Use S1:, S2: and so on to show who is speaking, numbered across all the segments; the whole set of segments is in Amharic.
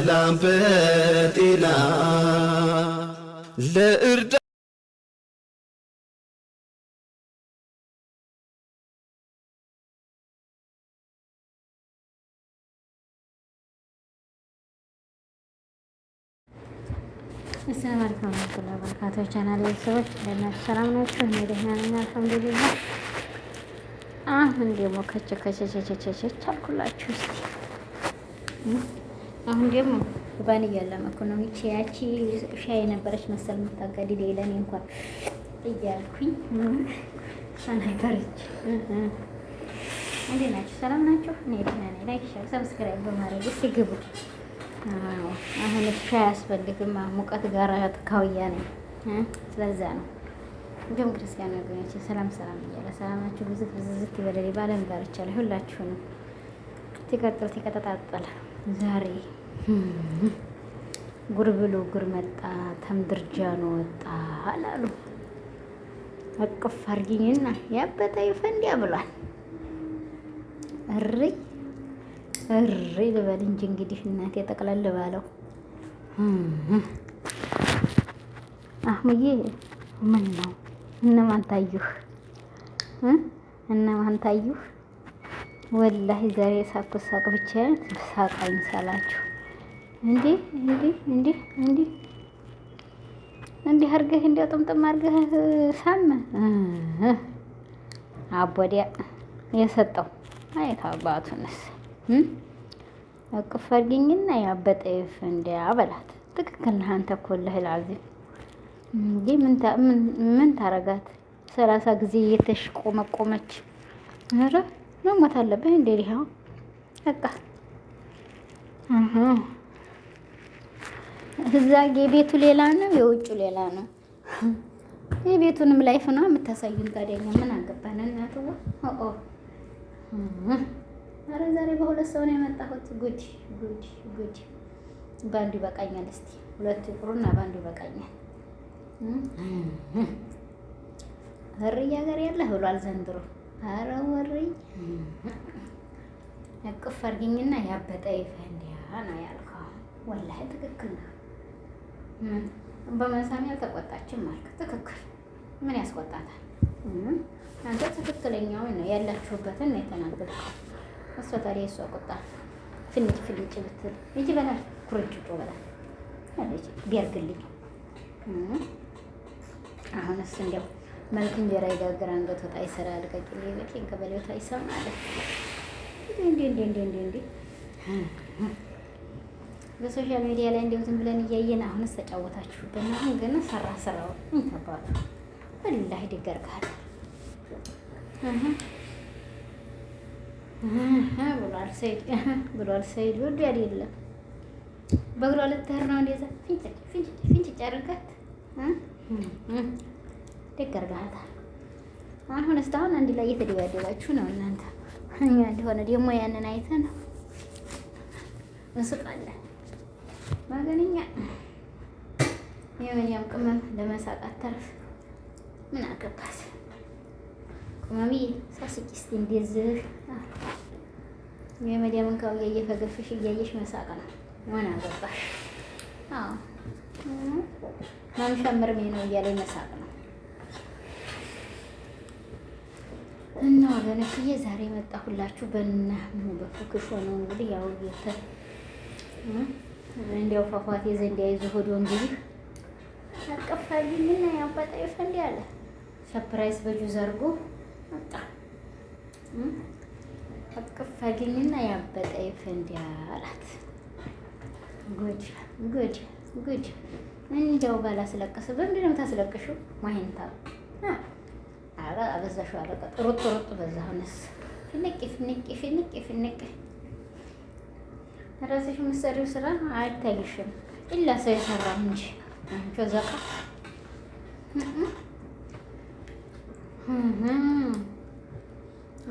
S1: በሰላም በጤና ለእርዳ አሰላሙ አለይኩም ወራህመቱላሂ ወበረካቱህ። ቻናል ቤተሰቦች እንደናችሁ ሰላም ናችሁ? እኔ ደህና ነኝ አልሐምዱሊላህ። አሁን ደግሞ ከቸ ከቸ ቸቸቸቸ አልኩላችሁ እስኪ አሁን ደግሞ ባን እያለመኩ ነው። ይቺ ያቺ ሻይ የነበረች መሰል የምታጋድ ሌለን እንኳን እያልኩኝ ሻናይበረች እንዴት ናቸው? ሰላም ናቸው። እኔ ደህና ነኝ። ላይክ ሼር፣ ሰብስክራይብ በማድረግ እስኪ ግቡ። አሁን ሻይ አያስፈልግም። ሙቀት ጋር ትካውያ ነኝ። ስለዛ ነው እንዲሁም ክርስቲያን ወገኖች ሰላም ሰላም እያለ ሰላማችሁ ብዙ ብዝዝት ይበለል። ባለም ዳርቻ ላይ ሁላችሁንም ትቀጥል ትቀጠጣጠል ዛሬ ጉር ብሎ ጉር መጣ ተምድርጃ ነው ወጣ አላሉ። አቅፍ አርጊኝና ያበጠ ይፈንዲያ ብሏል። እሪ እሪ ልበል እንጂ እንግዲህ እናቴ ጠቅለል ባለው አህሙዬ ምን ነው እነማን ታዩህ? እነማን ታዩህ? ወላሂ ዛሬ ሳኩ ሳቅ ብቻ ሳቃኝ ሳላችሁ እንዲህ እንዲህ እንዲህ እንዲህ እንዲህ አድርገህ እንዲያው ጥምጥም አድርገህ ሳም አቦዲያ የሰጠው አየት አባቱንስ እቅፍ አድርጊኝና ያበጠይፍ እንዲያ በላት። ትክክል ነህ አንተ እኮ እልህ ላዚም ምን ታረጋት? ሰላሳ ጊዜ እየተሽቆመቆመች ኧረ መሞት አለብህ እንዴ ሊሃው በቃ እዛ የቤቱ ሌላ ነው፣ የውጭው ሌላ ነው። የቤቱንም ላይፍ ነው የምታሳዩን። ታዲያ እኛ ምን አገባን? እናትዋ ኦ አረ ዛሬ በሁለት ሰው ነው የመጣሁት። ጉድ ጉድ ጉድ! በአንዱ ይበቃኛል። እስቲ ሁለቱ ይቅሩና በአንዱ ይበቃኛል። ወርዬ ሀገር ያለ ብሏል ዘንድሮ። አረ ወርዬ እቅፍ አድርጊኝና ያበጠ ይፈንዲያ ነው ያልከው። ወላሂ ትክክል ነው። በመሳሚ አልተቆጣችም አልክ። ትክክል። ምን ያስቆጣታል? አንተ ትክክለኛው ነው ያላችሁበትን ነው የተናገርከው። እሷ ታዲያ እሷ ቆጣ ፍንጭ ፍንጭ ብትል እጅ በላል ኩርጭ ጮ በላል አለች ቢያርግልኝ። አሁን አሁንስ እንዲያው መልክ እንጀራ ይጋግር አንገት ወጣ ይሰራ አልቀጭል ቤት ገበሌታ ይሰማል እንዲ እንዲ እንዲ እንዲ እንዲ በሶሻል ሚዲያ ላይ እንደው ዝም ብለን እያየን አሁንስ ተጫወታችሁብን። አሁን ግን ሰራ ስራው እንተባሉ ወላሂ ድገር ብሏል ሰይድ ብሏል ሰይድ ወዱ አይደለም በእግሯ ልትሄድ ነው። እንደዛ ፍንጭጭ አድርጋት ደግ አሁን አንድ ላይ እየተደባደባችሁ ነው እናንተ። እኛ እንደሆነ ደግሞ ያንን አይተን እንስቃለን። ማገነኛ የመንያም ቅመም ለመሳቅ አታርፍ። ምን አገባት ቅመሚ ሳስቂ እስኪ እንደዚህ የመዲያምን ካውያ እየፈገፈሽ እያየሽ መሳቅ ነው። ምን አገባሽ? አዎ ማምሻምር ነው እያለኝ መሳቅ ነው። እና ወገኖችዬ ዛሬ መጣሁላችሁ በእናትህ በፍቅሽ ሆነው እንግዲህ ያው እንዲያው ፏፏቴ ዘንድ ያይዞ ሆዶ እንግዲህ አቀፋልኝና ያንባጣ ይፈንድ ያለ ሰርፕራይዝ በጁ ዘርጎ መጣ። አቀፋልኝና ያንባጣ ይፈንድ አላት። ጉድ ጉድ ጉድ። እንዲያው ባላስለቀስ በምንድን ነው የምታስለቅሽው? ማሂንታ አበዛሽው አለቀ። ሩጥ ሩጥ በዛ ሁነስ ፍንቅ ፍንቅ ፍንቅ ፍንቅ ራስሽ የምትሰሪው ስራ አይታይሽም፣ ኢላ ሰው የሰራም እንጂ አንቺ ዘቃ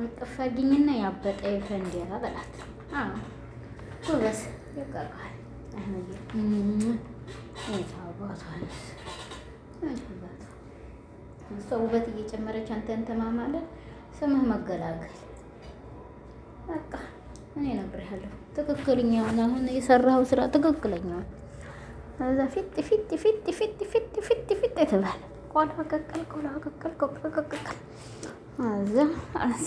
S1: አጠፋጊኝና ያበጠ ፈንዲራ በላት። አዎ ጎበዝ ይቀርቃል። እሷ ውበት እየጨመረች አንተን ተማማለ ስምህ መገላገል በቃ እኔ እነግርሃለሁ ትክክለኛውን አሁን የሰራኸው ስራ ትክክለኛውን እዛ ፊት ፊት ፊት ፊት ፊት ፊት ፊት የተባለ ቆላ ቀቀል ቆላ ቀቀል ቆላ ቀቀል እዛ አንሳ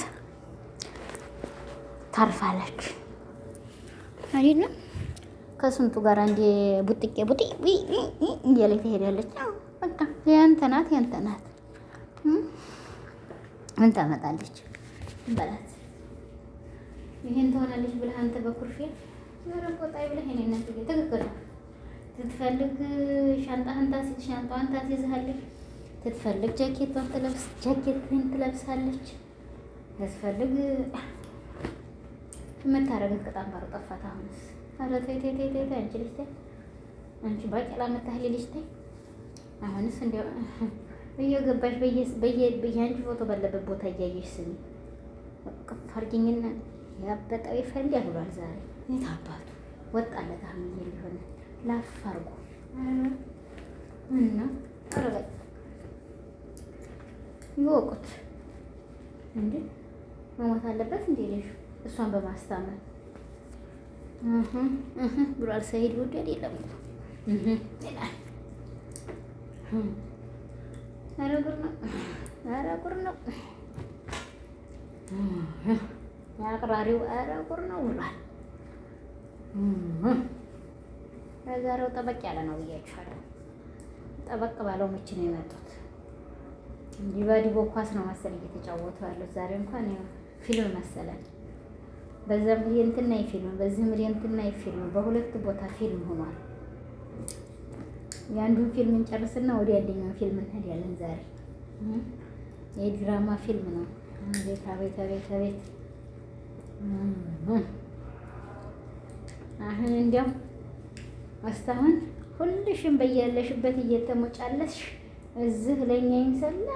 S1: ታርፋለች አይደለም ከስንቱ ጋር እንደ ቡጥቄ ቡጢ እያለ ትሄዳለች። በቃ ያንተ ናት ያንተ ናት ምን ታመጣለች በላት ይሄን ትሆናለች ብለህ አንተ በኩርፊያ ዘረቆጣ ብለህ እኔ እናት ትክክል ነው። ትትፈልግ ሻንጣህን ታስይዝ ሻንጣዋን ታስይዝሃለች። ትትፈልግ ጃኬቷን ትለብስ ጃኬትህን ትለብሳለች። ትትፈልግ የምታረግህ ቅጣም ባሮ ጠፋት። አሁንስ ኧረ ተይ ተይ ተይ ተይ አንቺ ልጅ ተይ አንቺ ባቄላ መታህል ልጅ ተይ። አሁንስ እንዲያው እየገባሽ በየ በየ አንቺ ፎቶ ባለበት ቦታ እያየሽ ስሚ ቅፍ አድርጊኝና ያበጠው ይፈንድ ያብሏል። ዛሬ የት አባቱ ወጣለት አሁን ሊሆነ ላፋርጉ እና ቅርበ ይወቁት እንዴ መሞት አለበት እንዴ ልጅ እሷን በማስታመን ብሏል። ሰይድ ወዳድ የለም ይላል። ነው! ኧረ ነው! አቅራሪው ኧረ ቁር ነው ብሏል። ለዛሬው ጠበቅ ያለ ነው ብያችኋለሁ። ጠበቅ ባለው ምች ነው የመጡት። ዲባዲቦ ኳስ ነው መሰል እየተጫወቱ ያሉት ዛሬ እንኳን ፊልም መሰለን። በዛም እንትና ፊልም፣ በዚህም እንትና ፊልም፣ በሁለት ቦታ ፊልም ሆኗል። የአንዱን ፊልም እንጨርስና ወደ አንደኛው ፊልም እንሄዳለን። ዛሬ የድራማ ፊልም ነው። አቤት አቤት አቤት አቤት አሁን እንዲያው እስካሁን ሁልሽም በያለሽበት እየተሞጫለስሽ እዚህ ለእኛ ይምሰላ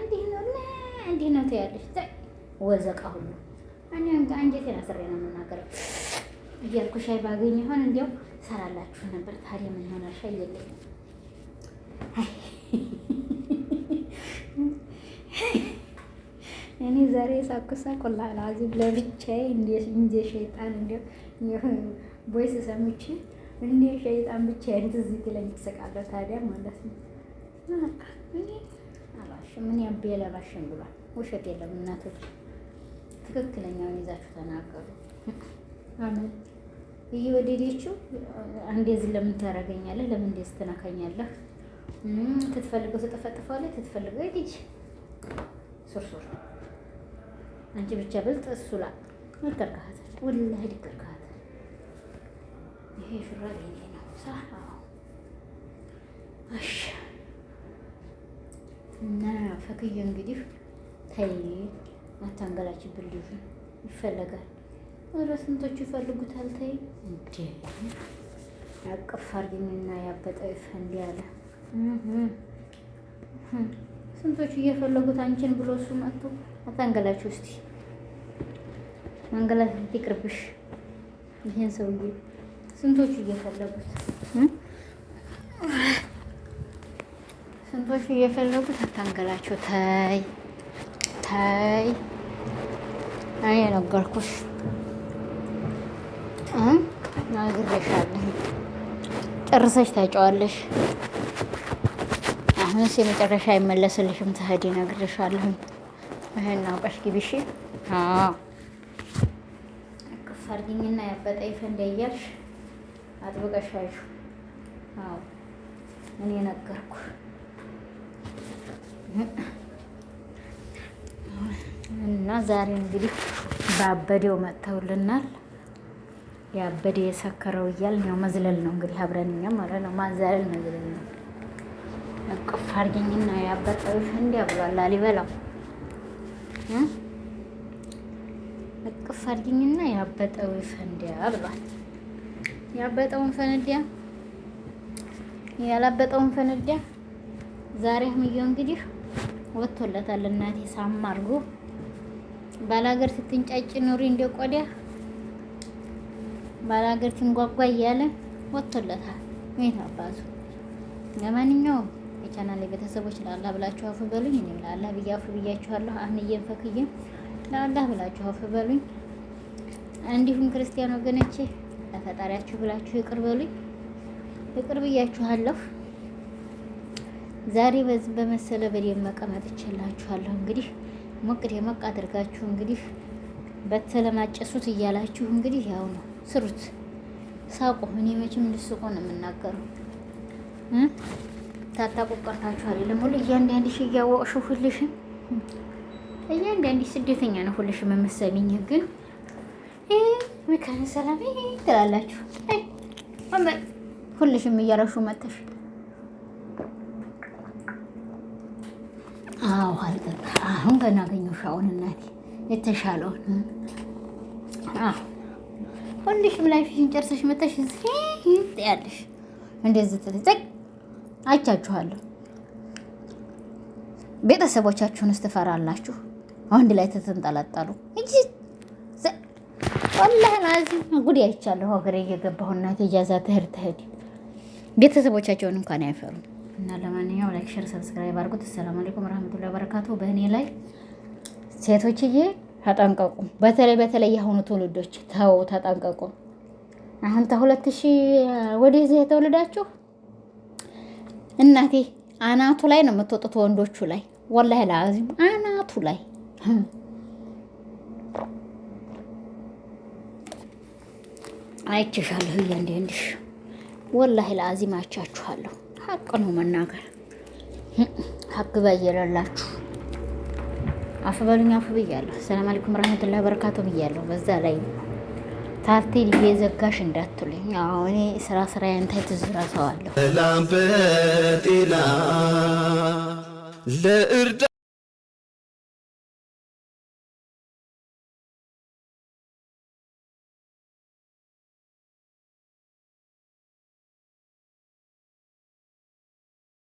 S1: እንዲህ ነው እንዲህ ነው ትያለሽ። ወዘቃ ሁሉ እኔ አንጀቴን አስሬ ነው የምናገረው እያልኩ ሻይ ባገኝ ይሆን እንዲያው ሰራላችሁ ነበር። ታዲያ ምን ሆነ? ሻይ የለኝም። እኔ ዛሬ ሳኩሳ ኮላላ አዚብ ለብቻዬ እንደ ሸይጣን እንደ ቦይስ ሰምቼ እንደ ሸይጣን ብቻዬን ትዝ ይለኝ ትስቃለሁ። ታዲያ ማለት ነው እኔ አላሽም እኔ አቤ ለባሽም ብሏል። ውሸት የለም እናቶች፣ ትክክለኛውን ይዛችሁ ተናገሩ። አሜን እየወደደችው እንደዚህ ለምን ታደርገኛለህ? ለምን እንደዚህ ትነካኛለህ? ትትፈልገው ተጠፈጥፈዋለህ፣ ትትፈልገው ልጅ ሱርሱር አንቺ ብቻ ብልጥ እሱ ላል መከርከሃት ወላሂ ልከርከሃት። ይሄ ሹራብ የኔ ነው ሳ እሺ። እና ፈክዬ እንግዲህ ታይ አታንገላች ብልዩ ይፈለጋል። ኧረ ስንቶቹ ይፈልጉታል። ታይ እንዴ አቅፍ አድርጊኝና ያበጠ ይፈንድ ያለ ስንቶቹ እየፈለጉት አንቺን ብሎ እሱ መጥቶ አታንገላችሁ። እስቲ አንገላት ይቅርብሽ። ይሄን ሰውዬ ስንቶቹ እየፈለጉት ስንቶቹ እየፈለጉት አታንገላችሁ። ታይ ታይ እኔ ነገርኩሽ አግሬሻለሁ። ጨርሰሽ ታጫዋለሽ። አሁንስ የመጨረሻ አይመለስልሽም። ተህዲ ይነግርሻለሁ። ይህን አውቀሽ ግቢ እሺ። እቅፍ ያበጠ ይፈንዳ እያልሽ አጥብቀሽ አይሹ። አዎ እኔ ነገርኩ። እና ዛሬ እንግዲህ በአበዴው መጥተውልናል። የአበዴ የሰከረው እያልን ያው መዝለል ነው እንግዲህ አብረን እኛም ማለት ነው ማዘለል መዝለል ነው። አርገኝና ያበጠብሽ እንዲያ ብሏል ላሊበላው እቅፍ አድርጊኝና ያበጠው ፈንዲያ ብሏል። ያበጠውን ፈንዲያ ያላበጠውን ፈንዲያ ዛሬ አህምዬው እንግዲህ ወጥቶለታል። እናቴ ሳም አድርጎ ባላገር ስትንጫጭ ኑሪ እንደ ቆዳ ባላገር ትንጓጓ እያለ ወጥቶለታል። ሜት አባቱ ለማንኛውም የቻናል ቤተሰቦች ለአላህ ብላችሁ አፉ በሉኝ። እኔም ለአላህ ብዬ አፉ ብያችኋለሁ። አህንዬን ለአላህ ብላችሁ አፉ በሉኝ። እንዲሁም ክርስቲያን ወገኖቼ ለፈጣሪያችሁ ብላችሁ ይቅር በሉኝ። ይቅር ብያችኋለሁ። ዛሬ በዚህ በመሰለ በደም መቀመጥ ይችላችኋለሁ። እንግዲህ ሞቅ ደመቅ አድርጋችሁ እንግዲህ በተለማጨሱት እያላችሁ እንግዲህ ያው ነው ስሩት። ሳቁ። እኔ መቼም እንድስቁ ነው የምናገረው። ታታቆቀርታችሁ አይደለም ሁሉ እያንዳንድሽ እያወቅሽ ሁልሽም እያንዳንድሽ ስደተኛ ነው ሁልሽም የምትሰሚኝ ግን መካነ ሰላም ትላላችሁ ሁልሽም እያረሹ መጥተሽ አዎ አልጠጣ አሁን ገና አገኘሁሽ። አሁን እናቴ የተሻለውን ሁልሽም ላይፍሽን ጨርሰሽ መጥተሽ እዚህ ያለሽ እንደዚህ ትልጠቅ አይቻችኋለሁ። ቤተሰቦቻችሁን እስትፈራላችሁ አንድ ላይ ተተንጠለጠሉ እንጂ ወላሂ ናዚ ጉድ አይቻለሁ። ሀገሬ እየገባሁና ትእጃዛ ትህድ ትህድ ቤተሰቦቻቸውን እንኳን አይፈሩም። እና ለማንኛውም ላይክ፣ ሸር፣ ሰብስክራይብ አድርጉት። አሰላሙ አለይኩም ረህመቱላ በረካቱ። በእኔ ላይ ሴቶችዬ ተጠንቀቁ። በተለይ በተለይ የአሁኑ ትውልዶች ተው ተጠንቀቁ። አሁን ተሁለት ሺህ ወደዚህ የተወለዳችሁ እናቴ አናቱ ላይ ነው የምትወጡት፣ ወንዶቹ ላይ ወላሂ ለአዚም አናቱ ላይ አይቼሻለሁ። እያንዳንድሽ ወላሂ ለአዚም አይቻችኋለሁ። ሀቅ ነው መናገር፣ ሀቅ በየለላችሁ አፍ በሉኝ። አፍ ብያለሁ። ሰላም አለይኩም ረህመቱላሂ በረካቱ ብያለሁ። በዛ ላይ ታርቴ የዘጋሽ እንዳትሉኝ። እኔ ስራ ስራ ንታይ ትዝራ ለእርዳ